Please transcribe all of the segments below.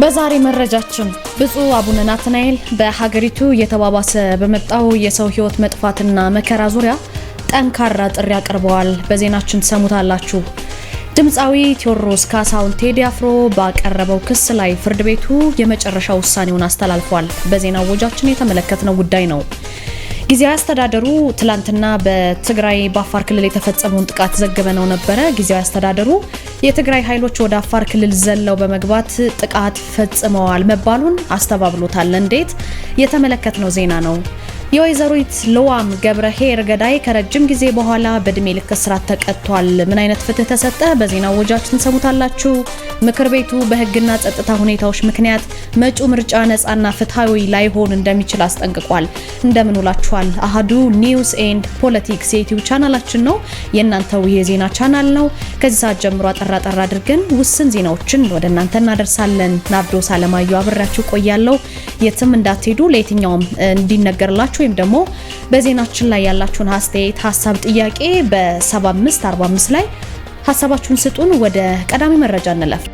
በዛሬ መረጃችን ብፁዕ አቡነ ናትናኤል በሀገሪቱ እየተባባሰ በመጣው የሰው ሕይወት መጥፋትና መከራ ዙሪያ ጠንካራ ጥሪ አቅርበዋል። በዜናችን ሰሙታላችሁ። ድምፃዊ ቴዎድሮስ ካሳሁን ቴዲ አፍሮ ባቀረበው ክስ ላይ ፍርድ ቤቱ የመጨረሻ ውሳኔውን አስተላልፏል። በዜና ወጃችን የተመለከትነው ጉዳይ ነው። ጊዜ አስተዳደሩ ትላንትና በትግራይ በአፋር ክልል የተፈጸመውን ጥቃት ዘግበ ነው ነበረ። ጊዜያዊ አስተዳደሩ የትግራይ ኃይሎች ወደ አፋር ክልል ዘለው በመግባት ጥቃት ፈጽመዋል መባሉን አስተባብሎታል። እንዴት የተመለከትነው ዜና ነው። ለዋም ልዋም ሄር ገዳይ ከረጅም ጊዜ በኋላ በእድሜ ልክ እስራት ተቀጥቷል። ምን አይነት ፍትህ ተሰጠ? በዜና ወጃችን ሰሙታላችሁ። ምክር ቤቱ በህግና ጸጥታ ሁኔታዎች ምክንያት መጪው ምርጫ ነጻና ፍትሐዊ ላይሆን እንደሚችል አስጠንቅቋል። እንደምን ውላችኋል። አህዱ ኒውስ ኤንድ ፖለቲክስ የዩቲዩብ ቻናላችን ነው፣ የእናንተው የዜና ቻናል ነው። ከዚህ ሰዓት ጀምሮ አጠራ ጠራ አድርገን ውስን ዜናዎችን ወደ እናንተ እናደርሳለን። ናብዶስ አለማየሁ አብራችሁ ቆያለሁ። የትም እንዳትሄዱ፣ ለየትኛውም እንዲነገርላችሁ ካላችሁ ወይም ደግሞ በዜናችን ላይ ያላችሁን አስተያየት፣ ሀሳብ፣ ጥያቄ በ7545 ላይ ሀሳባችሁን ስጡን። ወደ ቀዳሚ መረጃ እንለፍ።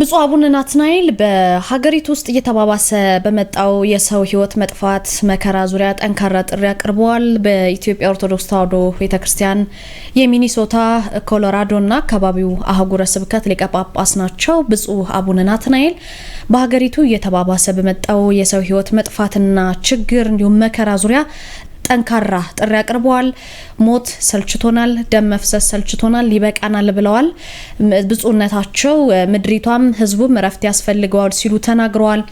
ብፁዕ አቡነ ናትናኤል በሀገሪቱ ውስጥ እየተባባሰ በመጣው የሰው ሕይወት መጥፋት መከራ ዙሪያ ጠንካራ ጥሪ አቅርበዋል። በኢትዮጵያ ኦርቶዶክስ ተዋሕዶ ቤተ ክርስቲያን የሚኒሶታ፣ ኮሎራዶና አካባቢው አህጉረ ስብከት ሊቀ ጳጳስ ናቸው። ብፁዕ አቡነ ናትናኤል በሀገሪቱ እየተባባሰ በመጣው የሰው ሕይወት መጥፋትና ችግር እንዲሁም መከራ ዙሪያ ጠንካራ ጥሪ አቅርበዋል። ሞት ሰልችቶናል፣ ደም መፍሰስ ሰልችቶናል፣ ይበቃናል ብለዋል። ብፁዕነታቸው ምድሪቷም ህዝቡም እረፍት ያስፈልገዋል ሲሉ ተናግረዋል።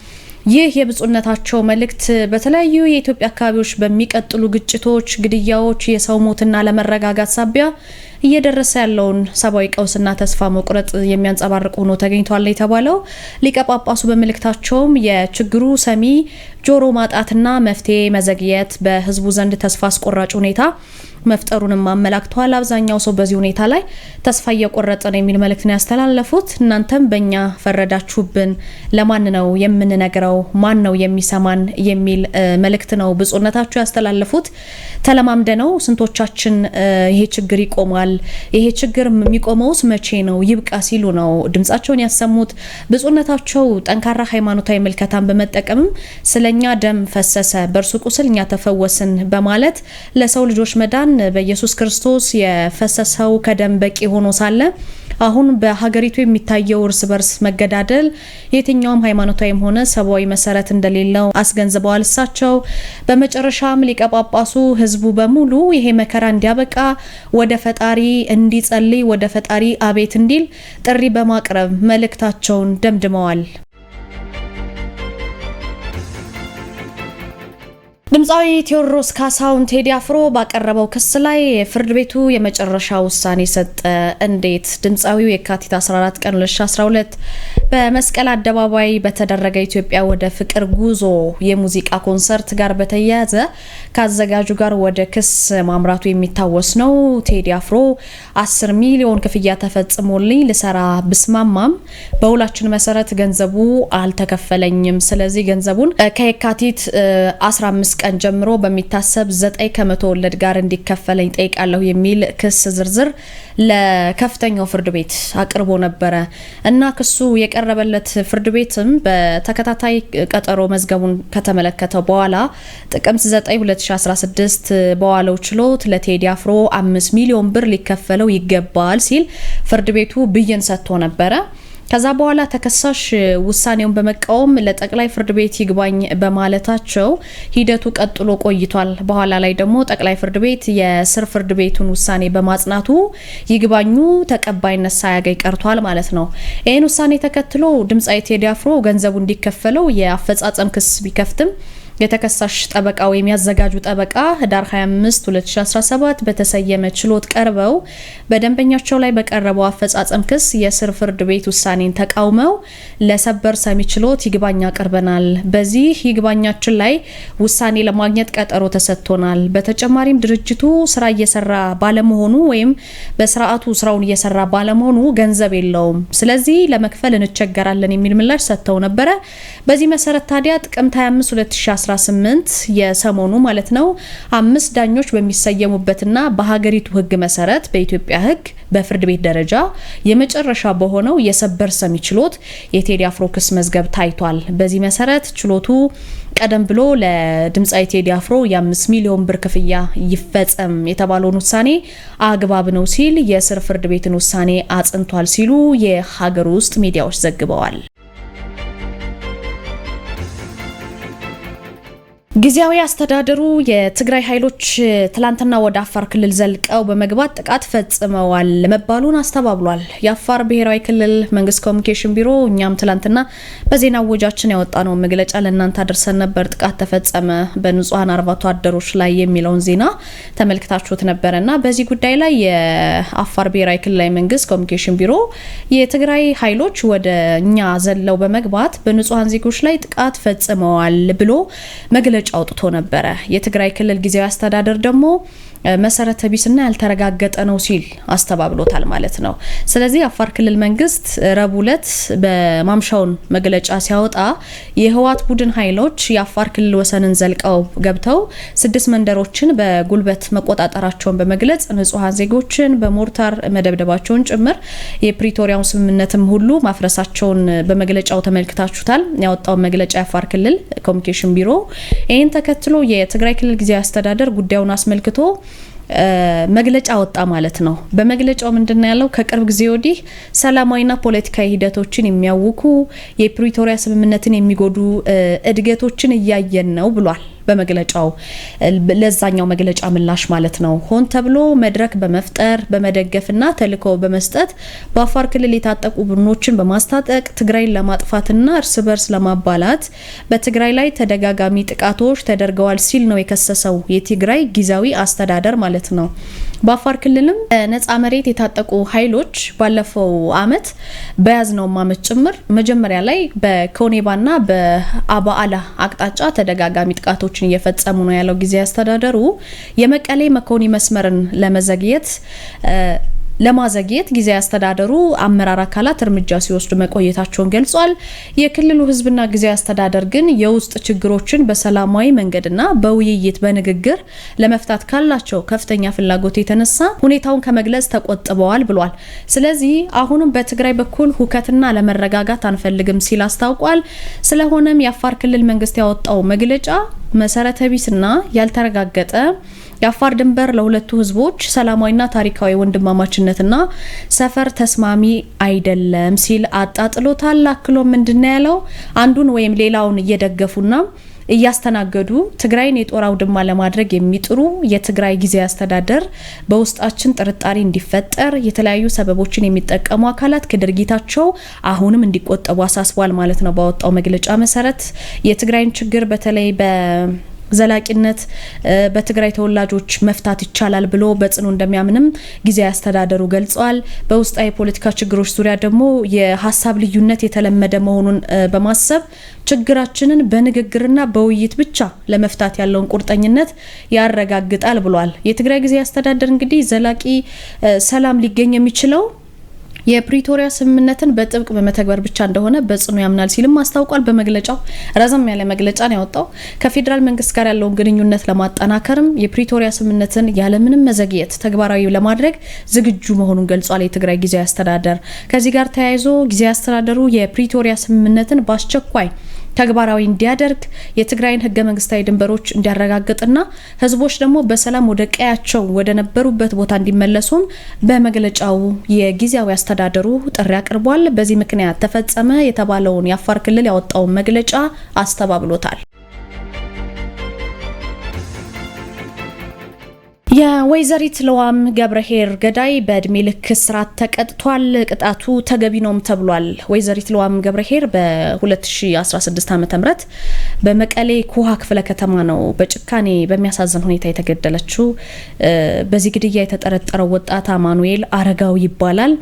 ይህ የብፁዕነታቸው መልእክት በተለያዩ የኢትዮጵያ አካባቢዎች በሚቀጥሉ ግጭቶች፣ ግድያዎች፣ የሰው ሞትና ለመረጋጋት ሳቢያ እየደረሰ ያለውን ሰብአዊ ቀውስና ተስፋ መቁረጥ የሚያንጸባርቅ ሆኖ ተገኝቷል የተባለው ሊቀ ጳጳሱ በመልእክታቸውም የችግሩ ሰሚ ጆሮ ማጣትና መፍትሄ መዘግየት በህዝቡ ዘንድ ተስፋ አስቆራጭ ሁኔታ መፍጠሩንም አመላክተዋል። አብዛኛው ሰው በዚህ ሁኔታ ላይ ተስፋ እየቆረጠ ነው የሚል ነው ያስተላለፉት። እናንተም በእኛ ፈረዳችሁብን፣ ለማን ነው የምንነግረው? ማን ነው የሚሰማን? የሚል መልእክት ነው ብፁዕነታቸው ያስተላለፉት። ተለማምደ ነው ስንቶቻችን ይሄ ችግር ይቆማል፣ ይሄ ችግር የሚቆመውስ መቼ ነው ይብቃ ሲሉ ነው ድምጻቸውን ያሰሙት። ብፁዕነታቸው ጠንካራ ሃይማኖታዊ ምልከታን በመጠቀምም ስለኛ ደም ፈሰሰ፣ በእርሱ ቁስል እኛ ተፈወስን በማለት ለሰው ልጆች መዳን በኢየሱስ ክርስቶስ የፈሰሰው ከደም በቂ ሆኖ ሳለ አሁን በሀገሪቱ የሚታየው እርስ በርስ መገዳደል የትኛውም ሃይማኖታዊም ሆነ ሰብአዊ መሰረት እንደሌለው አስገንዝበዋል። እሳቸው በመጨረሻም ሊቀ ጳጳሱ በሙሉ ይሄ መከራ እንዲያበቃ ወደ ፈጣሪ እንዲጸልይ፣ ወደ ፈጣሪ አቤት እንዲል ጥሪ በማቅረብ መልእክታቸውን ደምድመዋል። ድምፃዊ ቴዎድሮስ ካሳሁን ቴዲ አፍሮ ባቀረበው ክስ ላይ ፍርድ ቤቱ የመጨረሻ ውሳኔ ሰጠ። እንዴት? ድምፃዊው የካቲት 14 ቀን 2012 በመስቀል አደባባይ በተደረገ ኢትዮጵያ ወደ ፍቅር ጉዞ የሙዚቃ ኮንሰርት ጋር በተያያዘ ከአዘጋጁ ጋር ወደ ክስ ማምራቱ የሚታወስ ነው። ቴዲ አፍሮ 10 ሚሊዮን ክፍያ ተፈጽሞልኝ ልሰራ ብስማማም በውላችን መሰረት ገንዘቡ አልተከፈለኝም፣ ስለዚህ ገንዘቡን ከየካቲት 15 ቀን ጀምሮ በሚታሰብ 9 ከመቶ ወለድ ጋር እንዲከፈለኝ ጠይቃለሁ የሚል ክስ ዝርዝር ለከፍተኛው ፍርድ ቤት አቅርቦ ነበረ እና ክሱ የቀረበለት ፍርድ ቤትም በተከታታይ ቀጠሮ መዝገቡን ከተመለከተው በኋላ ጥቅምት 9 2016 በዋለው ችሎት ለቴዲ አፍሮ 5 ሚሊዮን ብር ሊከፈለው ይገባል ሲል ፍርድ ቤቱ ብይን ሰጥቶ ነበረ። ከዛ በኋላ ተከሳሽ ውሳኔውን በመቃወም ለጠቅላይ ፍርድ ቤት ይግባኝ በማለታቸው ሂደቱ ቀጥሎ ቆይቷል። በኋላ ላይ ደግሞ ጠቅላይ ፍርድ ቤት የስር ፍርድ ቤቱን ውሳኔ በማጽናቱ ይግባኙ ተቀባይነት ሳያገኝ ቀርቷል ማለት ነው። ይህን ውሳኔ ተከትሎ ድምፃዊ ቴዲ አፍሮ ገንዘቡ እንዲከፈለው የአፈጻጸም ክስ ቢከፍትም የተከሳሽ ጠበቃ ወይም ያዘጋጁ ጠበቃ ህዳር 25 2017 በተሰየመ ችሎት ቀርበው በደንበኛቸው ላይ በቀረበው አፈጻጸም ክስ የስር ፍርድ ቤት ውሳኔን ተቃውመው ለሰበር ሰሚ ችሎት ይግባኝ አቅርበናል። በዚህ ይግባኛችን ላይ ውሳኔ ለማግኘት ቀጠሮ ተሰጥቶናል። በተጨማሪም ድርጅቱ ስራ እየሰራ ባለመሆኑ ወይም በስርዓቱ ስራውን እየሰራ ባለመሆኑ ገንዘብ የለውም፣ ስለዚህ ለመክፈል እንቸገራለን የሚል ምላሽ ሰጥተው ነበረ። በዚህ መሰረት ታዲያ ጥቅምት 25 2018 የሰሞኑ ማለት ነው አምስት ዳኞች በሚሰየሙበትና በሀገሪቱ ህግ መሰረት በኢትዮጵያ ህግ በፍርድ ቤት ደረጃ የመጨረሻ በሆነው የሰበር ሰሚ ችሎት የቴዲ አፍሮ ክስ መዝገብ ታይቷል። በዚህ መሰረት ችሎቱ ቀደም ብሎ ለድምፃዊ ቴዲ አፍሮ የአምስት ሚሊዮን ብር ክፍያ ይፈጸም የተባለውን ውሳኔ አግባብ ነው ሲል የስር ፍርድ ቤትን ውሳኔ አጽንቷል ሲሉ የሀገር ውስጥ ሚዲያዎች ዘግበዋል። ጊዜያዊ አስተዳደሩ የትግራይ ኃይሎች ትላንትና ወደ አፋር ክልል ዘልቀው በመግባት ጥቃት ፈጽመዋል መባሉን አስተባብሏል። የአፋር ብሔራዊ ክልል መንግስት ኮሚኒኬሽን ቢሮ እኛም ትላንትና በዜና ወጃችን ያወጣነው መግለጫ ለእናንተ አድርሰን ነበር። ጥቃት ተፈጸመ በንጹሐን አርብቶ አደሮች ላይ የሚለውን ዜና ተመልክታችሁት ነበረና በዚህ ጉዳይ ላይ የአፋር ብሔራዊ ክልላዊ መንግስት ኮሚኒኬሽን ቢሮ የትግራይ ኃይሎች ወደ እኛ ዘለው በመግባት በንጹሐን ዜጎች ላይ ጥቃት ፈጽመዋል ብሎ መግለ መግለጫ አውጥቶ ነበረ። የትግራይ ክልል ጊዜያዊ አስተዳደር ደግሞ መሰረተ ቢስና ያልተረጋገጠ ነው ሲል አስተባብሎታል ማለት ነው። ስለዚህ የአፋር ክልል መንግስት ረቡዕ ዕለት በማምሻውን መግለጫ ሲያወጣ የህወሓት ቡድን ኃይሎች የአፋር ክልል ወሰንን ዘልቀው ገብተው ስድስት መንደሮችን በጉልበት መቆጣጠራቸውን በመግለጽ ንጹሐን ዜጎችን በሞርታር መደብደባቸውን ጭምር የፕሪቶሪያውን ስምምነትም ሁሉ ማፍረሳቸውን በመግለጫው ተመልክታችሁታል። ያወጣውን መግለጫ የአፋር ክልል ኮሚኒኬሽን ቢሮ ይህን ተከትሎ የትግራይ ክልል ጊዜያዊ አስተዳደር ጉዳዩን አስመልክቶ መግለጫ ወጣ ማለት ነው። በመግለጫው ምንድነው ያለው? ከቅርብ ጊዜ ወዲህ ሰላማዊና ፖለቲካዊ ሂደቶችን የሚያውኩ የፕሪቶሪያ ስምምነትን የሚጎዱ እድገቶችን እያየን ነው ብሏል። በመግለጫው ለዛኛው መግለጫ ምላሽ ማለት ነው። ሆን ተብሎ መድረክ በመፍጠር በመደገፍና ተልኮ በመስጠት በአፋር ክልል የታጠቁ ቡድኖችን በማስታጠቅ ትግራይን ለማጥፋትና እርስ በርስ ለማባላት በትግራይ ላይ ተደጋጋሚ ጥቃቶች ተደርገዋል ሲል ነው የከሰሰው የትግራይ ጊዜያዊ አስተዳደር ማለት ነው። በአፋር ክልልም ነፃ መሬት የታጠቁ ኃይሎች ባለፈው አመት በያዝነውም አመት ጭምር መጀመሪያ ላይ በኮኔባና በአባአላ አቅጣጫ ተደጋጋሚ ጥቃቶችን እየፈጸሙ ነው ያለው ጊዜ አስተዳደሩ የመቀሌ መኮኒ መስመርን ለመዘግየት ለማዘግየት ጊዜ አስተዳደሩ አመራር አካላት እርምጃ ሲወስዱ መቆየታቸውን ገልጿል። የክልሉ ህዝብና ጊዜ አስተዳደር ግን የውስጥ ችግሮችን በሰላማዊ መንገድና በውይይት በንግግር ለመፍታት ካላቸው ከፍተኛ ፍላጎት የተነሳ ሁኔታውን ከመግለጽ ተቆጥበዋል ብሏል። ስለዚህ አሁንም በትግራይ በኩል ሁከትና ለመረጋጋት አንፈልግም ሲል አስታውቋል። ስለሆነም የአፋር ክልል መንግስት ያወጣው መግለጫ መሰረተ ቢስና ያልተረጋገጠ የአፋር ድንበር ለሁለቱ ህዝቦች ሰላማዊና ታሪካዊ ወንድማማችነትና ሰፈር ተስማሚ አይደለም ሲል አጣጥሎታል። አክሎ ምንድን ያለው? አንዱን ወይም ሌላውን እየደገፉና እያስተናገዱ ትግራይን የጦር አውድማ ለማድረግ የሚጥሩ የትግራይ ጊዜ አስተዳደር በውስጣችን ጥርጣሬ እንዲፈጠር የተለያዩ ሰበቦችን የሚጠቀሙ አካላት ከድርጊታቸው አሁንም እንዲቆጠቡ አሳስቧል ማለት ነው። ባወጣው መግለጫ መሰረት የትግራይን ችግር በተለይ በ ዘላቂነት በትግራይ ተወላጆች መፍታት ይቻላል ብሎ በጽኑ እንደሚያምንም ጊዜ አስተዳደሩ ገልጸዋል። በውስጣዊ የፖለቲካ ችግሮች ዙሪያ ደግሞ የሀሳብ ልዩነት የተለመደ መሆኑን በማሰብ ችግራችንን በንግግርና በውይይት ብቻ ለመፍታት ያለውን ቁርጠኝነት ያረጋግጣል ብሏል። የትግራይ ጊዜ አስተዳደር እንግዲህ ዘላቂ ሰላም ሊገኝ የሚችለው የፕሪቶሪያ ስምምነትን በጥብቅ በመተግበር ብቻ እንደሆነ በጽኑ ያምናል ሲልም አስታውቋል። በመግለጫው ረዘም ያለ መግለጫን ያወጣው ከፌዴራል መንግስት ጋር ያለውን ግንኙነት ለማጠናከርም የፕሪቶሪያ ስምምነትን ያለምንም መዘግየት ተግባራዊ ለማድረግ ዝግጁ መሆኑን ገልጿል። የትግራይ ጊዜያዊ አስተዳደር ከዚህ ጋር ተያይዞ ጊዜያዊ አስተዳደሩ የፕሪቶሪያ ስምምነትን በአስቸኳይ ተግባራዊ እንዲያደርግ የትግራይን ህገ መንግስታዊ ድንበሮች እንዲያረጋግጥና ህዝቦች ደግሞ በሰላም ወደ ቀያቸው ወደ ነበሩበት ቦታ እንዲመለሱም በመግለጫው የጊዜያዊ አስተዳደሩ ጥሪ አቅርቧል። በዚህ ምክንያት ተፈጸመ የተባለውን የአፋር ክልል ያወጣውን መግለጫ አስተባብሎታል። የወይዘሪት ለዋም ገብረሄር ገዳይ በእድሜ ልክ እስራት ተቀጥቷል። ቅጣቱ ተገቢ ነውም ተብሏል። ወይዘሪት ለዋም ገብረሄር በ2016 ዓ ም በመቀሌ ኩሃ ክፍለ ከተማ ነው በጭካኔ በሚያሳዝን ሁኔታ የተገደለችው። በዚህ ግድያ የተጠረጠረው ወጣት አማኑኤል አረጋው ይባላል።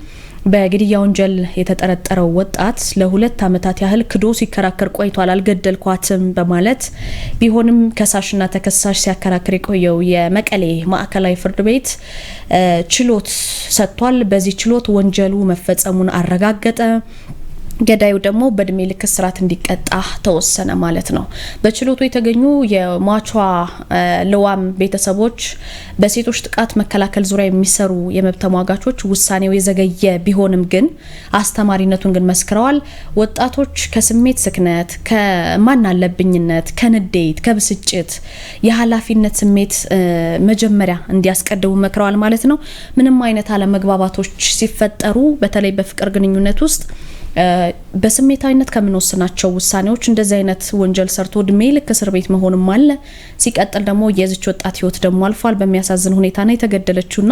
በግድያ ወንጀል የተጠረጠረው ወጣት ለሁለት ዓመታት ያህል ክዶ ሲከራከር ቆይቷል። አልገደልኳትም በማለት ቢሆንም ከሳሽና ተከሳሽ ሲያከራክር የቆየው የመቀሌ ማዕከላዊ ፍርድ ቤት ችሎት ሰጥቷል። በዚህ ችሎት ወንጀሉ መፈጸሙን አረጋገጠ። ገዳዩ ደግሞ በእድሜ ልክ እስራት እንዲቀጣ ተወሰነ ማለት ነው። በችሎቱ የተገኙ የሟቿ ልዋም ቤተሰቦች በሴቶች ጥቃት መከላከል ዙሪያ የሚሰሩ የመብት ተሟጋቾች ውሳኔው የዘገየ ቢሆንም ግን አስተማሪነቱን ግን መስክረዋል። ወጣቶች ከስሜት ስክነት፣ ከማናለብኝነት፣ ከንዴት፣ ከብስጭት የኃላፊነት ስሜት መጀመሪያ እንዲያስቀድሙ መክረዋል ማለት ነው። ምንም አይነት አለመግባባቶች ሲፈጠሩ በተለይ በፍቅር ግንኙነት ውስጥ በስሜታዊነት ከምንወስናቸው ውሳኔዎች እንደዚህ አይነት ወንጀል ሰርቶ እድሜ ልክ እስር ቤት መሆንም አለ። ሲቀጥል ደግሞ የዚች ወጣት ህይወት ደግሞ አልፏል። በሚያሳዝን ሁኔታ ነው የተገደለችውና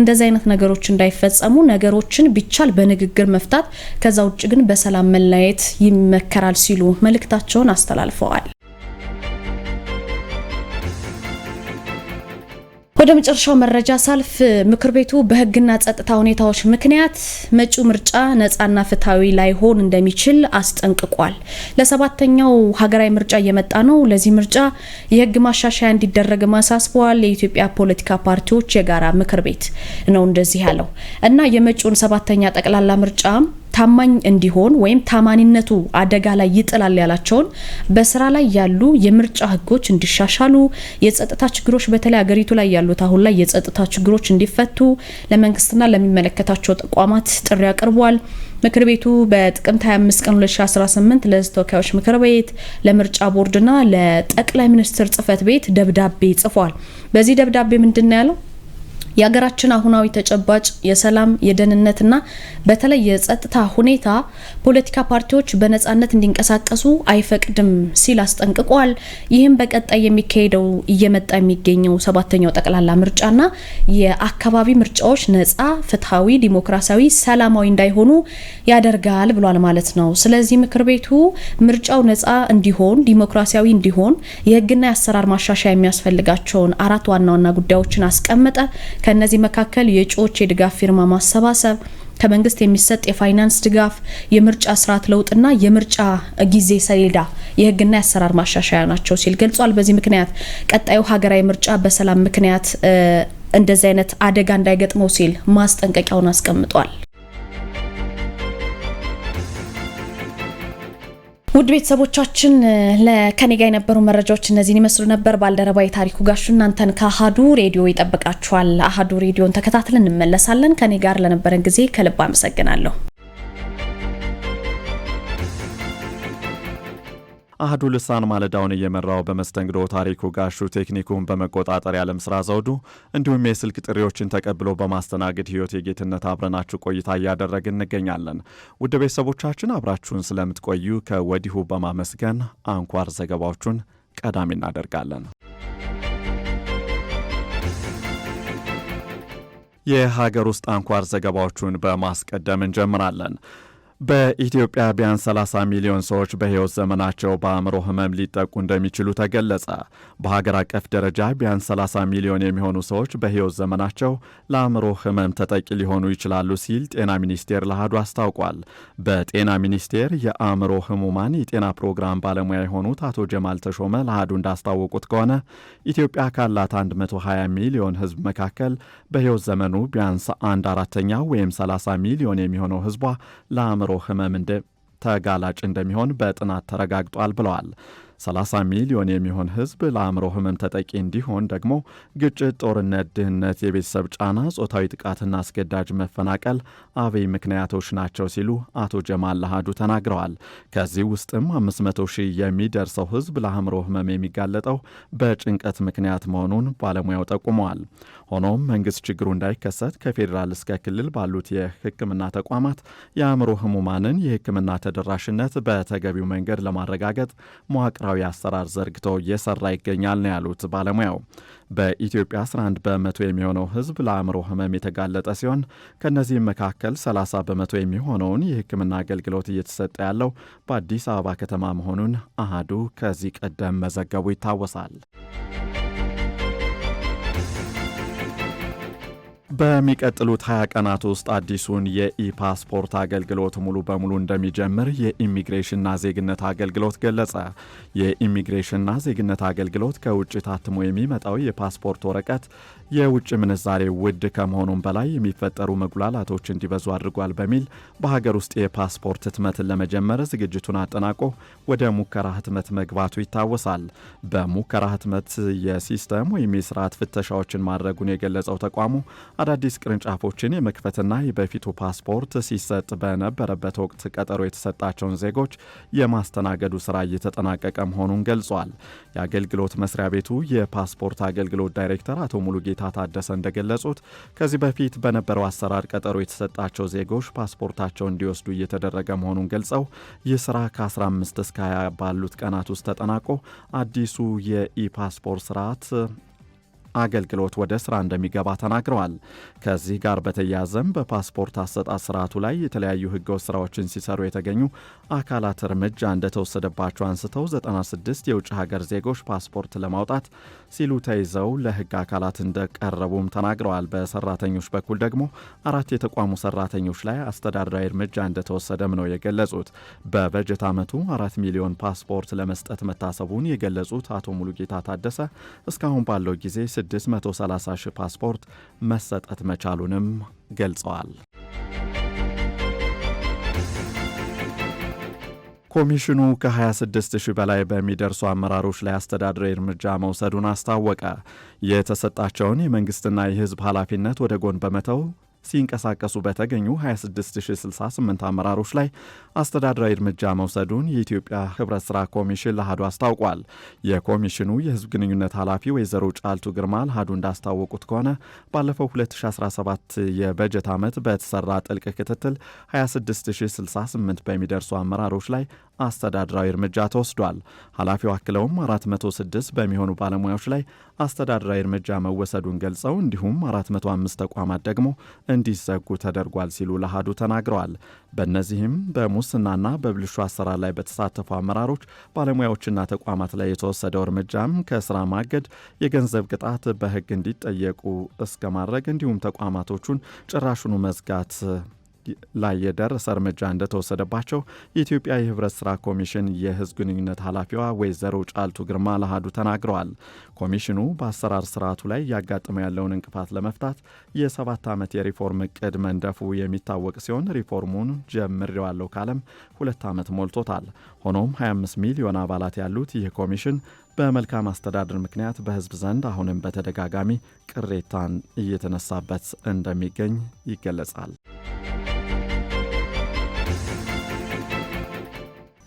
እንደዚህ አይነት ነገሮች እንዳይፈጸሙ ነገሮችን ቢቻል በንግግር መፍታት፣ ከዛ ውጭ ግን በሰላም መለያየት ይመከራል ሲሉ መልእክታቸውን አስተላልፈዋል። ወደ መጨረሻው መረጃ ሳልፍ ምክር ቤቱ በህግና ጸጥታ ሁኔታዎች ምክንያት መጪው ምርጫ ነጻና ፍትሐዊ ላይሆን እንደሚችል አስጠንቅቋል። ለሰባተኛው ሀገራዊ ምርጫ እየመጣ ነው። ለዚህ ምርጫ የህግ ማሻሻያ እንዲደረግ ማሳስበዋል። የኢትዮጵያ ፖለቲካ ፓርቲዎች የጋራ ምክር ቤት ነው እንደዚህ ያለው እና የመጪውን ሰባተኛ ጠቅላላ ምርጫም። ታማኝ እንዲሆን ወይም ታማኒነቱ አደጋ ላይ ይጥላል ያላቸውን በስራ ላይ ያሉ የምርጫ ህጎች እንዲሻሻሉ፣ የጸጥታ ችግሮች በተለይ አገሪቱ ላይ ያሉት አሁን ላይ የጸጥታ ችግሮች እንዲፈቱ ለመንግስትና ለሚመለከታቸው ተቋማት ጥሪ አቅርቧል። ምክር ቤቱ በጥቅምት 25 ቀን 2018 ለተወካዮች ምክር ቤት ለምርጫ ቦርድና ለጠቅላይ ሚኒስትር ጽህፈት ቤት ደብዳቤ ጽፏል። በዚህ ደብዳቤ ምንድን ነው ያለው? የሀገራችን አሁናዊ ተጨባጭ የሰላም የደህንነትና በተለይ የጸጥታ ሁኔታ ፖለቲካ ፓርቲዎች በነጻነት እንዲንቀሳቀሱ አይፈቅድም ሲል አስጠንቅቋል። ይህም በቀጣይ የሚካሄደው እየመጣ የሚገኘው ሰባተኛው ጠቅላላ ምርጫና የአካባቢ ምርጫዎች ነጻ፣ ፍትሐዊ፣ ዲሞክራሲያዊ፣ ሰላማዊ እንዳይሆኑ ያደርጋል ብሏል ማለት ነው። ስለዚህ ምክር ቤቱ ምርጫው ነጻ እንዲሆን፣ ዲሞክራሲያዊ እንዲሆን የህግና የአሰራር ማሻሻያ የሚያስፈልጋቸውን አራት ዋና ዋና ጉዳዮችን አስቀመጠ። ከእነዚህ መካከል የእጩዎች የድጋፍ ፊርማ ማሰባሰብ ከመንግስት የሚሰጥ የፋይናንስ ድጋፍ፣ የምርጫ ስርዓት ለውጥና የምርጫ ጊዜ ሰሌዳ የህግና የአሰራር ማሻሻያ ናቸው ሲል ገልጿል። በዚህ ምክንያት ቀጣዩ ሀገራዊ ምርጫ በሰላም ምክንያት እንደዚህ አይነት አደጋ እንዳይገጥመው ሲል ማስጠንቀቂያውን አስቀምጧል። ውድ ቤተሰቦቻችን ከኔ ጋር የነበሩ መረጃዎች እነዚህን ይመስሉ ነበር። ባልደረባ የታሪኩ ጋሹ እናንተን ከአሀዱ ሬዲዮ ይጠብቃችኋል። አሀዱ ሬዲዮን ተከታትለን እንመለሳለን። ከኔ ጋር ለነበረን ጊዜ ከልብ አመሰግናለሁ። አህዱ ልሳን ማለዳውን እየመራው በመስተንግዶ ታሪኩ ጋሹ ቴክኒኩን በመቆጣጠር ያለም ስራ ዘውዱ እንዲሁም የስልክ ጥሪዎችን ተቀብሎ በማስተናገድ ህይወት የጌትነት አብረናችሁ ቆይታ እያደረግ እንገኛለን። ውድ ቤተሰቦቻችን አብራችሁን ስለምትቆዩ ከወዲሁ በማመስገን አንኳር ዘገባዎቹን ቀዳሚ እናደርጋለን። የሀገር ውስጥ አንኳር ዘገባዎቹን በማስቀደም እንጀምራለን። በኢትዮጵያ ቢያንስ 30 ሚሊዮን ሰዎች በሕይወት ዘመናቸው በአእምሮ ህመም ሊጠቁ እንደሚችሉ ተገለጸ። በሀገር አቀፍ ደረጃ ቢያንስ 30 ሚሊዮን የሚሆኑ ሰዎች በሕይወት ዘመናቸው ለአእምሮ ህመም ተጠቂ ሊሆኑ ይችላሉ ሲል ጤና ሚኒስቴር ለአሐዱ አስታውቋል። በጤና ሚኒስቴር የአእምሮ ህሙማን የጤና ፕሮግራም ባለሙያ የሆኑት አቶ ጀማል ተሾመ ለአሐዱ እንዳስታወቁት ከሆነ ኢትዮጵያ ካላት 120 ሚሊዮን ህዝብ መካከል በሕይወት ዘመኑ ቢያንስ አንድ አራተኛው ወይም 30 ሚሊዮን የሚሆነው ህዝቧ ለአእምሮ የአእምሮ ህመም ተጋላጭ እንደሚሆን በጥናት ተረጋግጧል ብለዋል። 30 ሚሊዮን የሚሆን ህዝብ ለአእምሮ ህመም ተጠቂ እንዲሆን ደግሞ ግጭት፣ ጦርነት፣ ድህነት፣ የቤተሰብ ጫና፣ ጾታዊ ጥቃትና አስገዳጅ መፈናቀል አበይ ምክንያቶች ናቸው ሲሉ አቶ ጀማል ለሃዱ ተናግረዋል። ከዚህ ውስጥም 500 ሺህ የሚደርሰው ህዝብ ለአእምሮ ህመም የሚጋለጠው በጭንቀት ምክንያት መሆኑን ባለሙያው ጠቁመዋል። ሆኖም መንግስት ችግሩ እንዳይከሰት ከፌዴራል እስከ ክልል ባሉት የህክምና ተቋማት የአእምሮ ህሙማንን የህክምና ተደራሽነት በተገቢው መንገድ ለማረጋገጥ መዋቅራዊ ዲሞክራሲያዊ አሰራር ዘርግቶ እየሰራ ይገኛል ነው ያሉት ባለሙያው። በኢትዮጵያ 11 በመቶ የሚሆነው ሕዝብ ለአእምሮ ህመም የተጋለጠ ሲሆን ከእነዚህም መካከል 30 በመቶ የሚሆነውን የሕክምና አገልግሎት እየተሰጠ ያለው በአዲስ አበባ ከተማ መሆኑን አሃዱ ከዚህ ቀደም መዘገቡ ይታወሳል። በሚቀጥሉት 20 ቀናት ውስጥ አዲሱን የኢፓስፖርት አገልግሎት ሙሉ በሙሉ እንደሚጀምር የኢሚግሬሽንና ዜግነት አገልግሎት ገለጸ። የኢሚግሬሽንና ዜግነት አገልግሎት ከውጭ ታትሞ የሚመጣው የፓስፖርት ወረቀት የውጭ ምንዛሬ ውድ ከመሆኑም በላይ የሚፈጠሩ መጉላላቶች እንዲበዙ አድርጓል በሚል በሀገር ውስጥ የፓስፖርት ህትመትን ለመጀመር ዝግጅቱን አጠናቆ ወደ ሙከራ ህትመት መግባቱ ይታወሳል። በሙከራ ህትመት የሲስተም ወይም የስርዓት ፍተሻዎችን ማድረጉን የገለጸው ተቋሙ አዳዲስ ቅርንጫፎችን የመክፈትና በፊቱ ፓስፖርት ሲሰጥ በነበረበት ወቅት ቀጠሮ የተሰጣቸውን ዜጎች የማስተናገዱ ስራ እየተጠናቀቀ መሆኑን ገልጿል። የአገልግሎት መስሪያ ቤቱ የፓስፖርት አገልግሎት ዳይሬክተር አቶ ሙሉጌታ ታደሰ እንደገለጹት ከዚህ በፊት በነበረው አሰራር ቀጠሮ የተሰጣቸው ዜጎች ፓስፖርታቸው እንዲወስዱ እየተደረገ መሆኑን ገልጸው ይህ ስራ ከ15 እስከ 20 ባሉት ቀናት ውስጥ ተጠናቆ አዲሱ የኢፓስፖርት ስርዓት አገልግሎት ወደ ስራ እንደሚገባ ተናግረዋል። ከዚህ ጋር በተያያዘም በፓስፖርት አሰጣጥ ስርዓቱ ላይ የተለያዩ ህገወጥ ስራዎችን ሲሰሩ የተገኙ አካላት እርምጃ እንደተወሰደባቸው አንስተው 96 የውጭ ሀገር ዜጎች ፓስፖርት ለማውጣት ሲሉ ተይዘው ለህግ አካላት እንደቀረቡም ተናግረዋል። በሰራተኞች በኩል ደግሞ አራት የተቋሙ ሰራተኞች ላይ አስተዳደራዊ እርምጃ እንደተወሰደም ነው የገለጹት። በበጀት ዓመቱ አራት ሚሊዮን ፓስፖርት ለመስጠት መታሰቡን የገለጹት አቶ ሙሉጌታ ታደሰ እስካሁን ባለው ጊዜ 630 ሺህ ፓስፖርት መሰጠት መቻሉንም ገልጸዋል። ኮሚሽኑ ከ26 ሺህ በላይ በሚደርሱ አመራሮች ላይ አስተዳደራዊ እርምጃ መውሰዱን አስታወቀ። የተሰጣቸውን የመንግሥትና የህዝብ ኃላፊነት ወደ ጎን በመተው ሲንቀሳቀሱ በተገኙ 26068 አመራሮች ላይ አስተዳደራዊ እርምጃ መውሰዱን የኢትዮጵያ ህብረት ስራ ኮሚሽን ለአህዱ አስታውቋል። የኮሚሽኑ የህዝብ ግንኙነት ኃላፊ ወይዘሮ ጫልቱ ግርማ ለአህዱ እንዳስታወቁት ከሆነ ባለፈው 2017 የበጀት ዓመት በተሰራ ጥልቅ ክትትል 26068 በሚደርሱ አመራሮች ላይ አስተዳድራዊ እርምጃ ተወስዷል። ኃላፊው አክለውም 406 በሚሆኑ ባለሙያዎች ላይ አስተዳድራዊ እርምጃ መወሰዱን ገልጸው እንዲሁም 405 ተቋማት ደግሞ እንዲዘጉ ተደርጓል ሲሉ ለአሃዱ ተናግረዋል። በእነዚህም በሙስናና በብልሹ አሰራር ላይ በተሳተፉ አመራሮች፣ ባለሙያዎችና ተቋማት ላይ የተወሰደው እርምጃም ከስራ ማገድ፣ የገንዘብ ቅጣት፣ በህግ እንዲጠየቁ እስከ ማድረግ እንዲሁም ተቋማቶቹን ጭራሹኑ መዝጋት ላይ የደረሰ እርምጃ እንደተወሰደባቸው የኢትዮጵያ የህብረት ስራ ኮሚሽን የህዝብ ግንኙነት ኃላፊዋ ወይዘሮ ጫልቱ ግርማ ለሃዱ ተናግረዋል። ኮሚሽኑ በአሰራር ስርዓቱ ላይ እያጋጠመ ያለውን እንቅፋት ለመፍታት የሰባት ዓመት የሪፎርም እቅድ መንደፉ የሚታወቅ ሲሆን ሪፎርሙን ጀምሬዋለሁ ካለም ሁለት ዓመት ሞልቶታል። ሆኖም 25 ሚሊዮን አባላት ያሉት ይህ ኮሚሽን በመልካም አስተዳደር ምክንያት በህዝብ ዘንድ አሁንም በተደጋጋሚ ቅሬታን እየተነሳበት እንደሚገኝ ይገለጻል።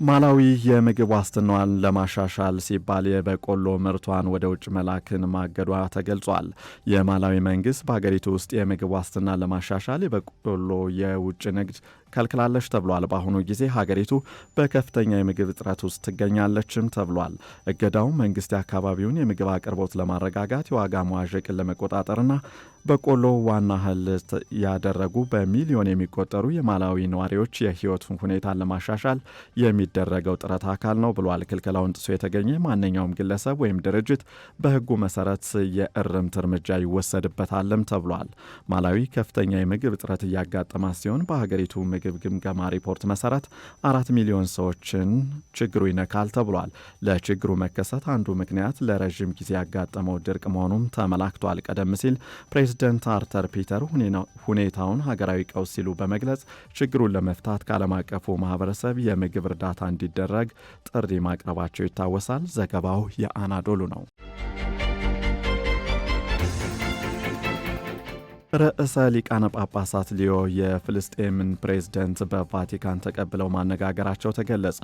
ማላዊ የምግብ ዋስትናዋን ለማሻሻል ሲባል የበቆሎ ምርቷን ወደ ውጭ መላክን ማገዷ ተገልጿል። የማላዊ መንግስት በሀገሪቱ ውስጥ የምግብ ዋስትና ለማሻሻል የበቆሎ የውጭ ንግድ ከልክላለች ተብሏል። በአሁኑ ጊዜ ሀገሪቱ በከፍተኛ የምግብ እጥረት ውስጥ ትገኛለችም ተብሏል። እገዳው መንግስት የአካባቢውን የምግብ አቅርቦት ለማረጋጋት፣ የዋጋ መዋዠቅን ለመቆጣጠርና በቆሎ ዋና እህል ያደረጉ በሚሊዮን የሚቆጠሩ የማላዊ ነዋሪዎች የህይወት ሁኔታን ለማሻሻል የሚደረገው ጥረት አካል ነው ብሏል። ክልከላውን ጥሶ የተገኘ ማንኛውም ግለሰብ ወይም ድርጅት በህጉ መሰረት የእርምት እርምጃ ይወሰድበታልም ተብሏል። ማላዊ ከፍተኛ የምግብ እጥረት እያጋጠማት ሲሆን በሀገሪቱ የምግብ ግምገማ ሪፖርት መሰረት አራት ሚሊዮን ሰዎችን ችግሩ ይነካል ተብሏል። ለችግሩ መከሰት አንዱ ምክንያት ለረዥም ጊዜ ያጋጠመው ድርቅ መሆኑም ተመላክቷል። ቀደም ሲል ፕሬዚደንት አርተር ፒተር ሁኔታውን ሀገራዊ ቀውስ ሲሉ በመግለጽ ችግሩን ለመፍታት ከዓለም አቀፉ ማህበረሰብ የምግብ እርዳታ እንዲደረግ ጥሪ ማቅረባቸው ይታወሳል። ዘገባው የአናዶሉ ነው። ርዕሰ ሊቃነ ጳጳሳት ሊዮ የፍልስጤምን ፕሬዝደንት በቫቲካን ተቀብለው ማነጋገራቸው ተገለጸ።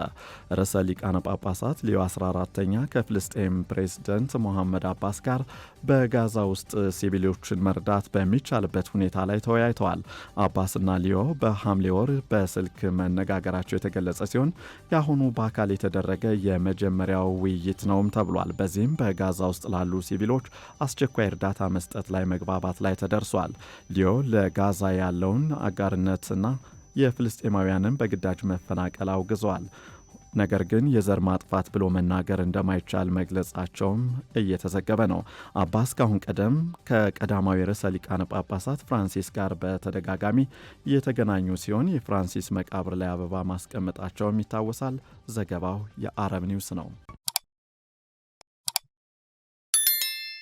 ርዕሰ ሊቃነ ጳጳሳት ሊዮ 14ተኛ ከፍልስጤም ፕሬዝደንት ሞሐመድ አባስ ጋር በጋዛ ውስጥ ሲቪሎችን መርዳት በሚቻልበት ሁኔታ ላይ ተወያይተዋል። አባስና ሊዮ በሐምሌ ወር በስልክ መነጋገራቸው የተገለጸ ሲሆን የአሁኑ በአካል የተደረገ የመጀመሪያው ውይይት ነውም ተብሏል። በዚህም በጋዛ ውስጥ ላሉ ሲቪሎች አስቸኳይ እርዳታ መስጠት ላይ መግባባት ላይ ተደርሷል። ሊዮ ለጋዛ ያለውን አጋርነትና የፍልስጤማውያንን በግዳጅ መፈናቀል አውግዘዋል። ነገር ግን የዘር ማጥፋት ብሎ መናገር እንደማይቻል መግለጻቸውም እየተዘገበ ነው። አባስ ካሁን ቀደም ከቀዳማዊ ርዕሰ ሊቃነ ጳጳሳት ፍራንሲስ ጋር በተደጋጋሚ የተገናኙ ሲሆን የፍራንሲስ መቃብር ላይ አበባ ማስቀመጣቸውም ይታወሳል። ዘገባው የአረብ ኒውስ ነው።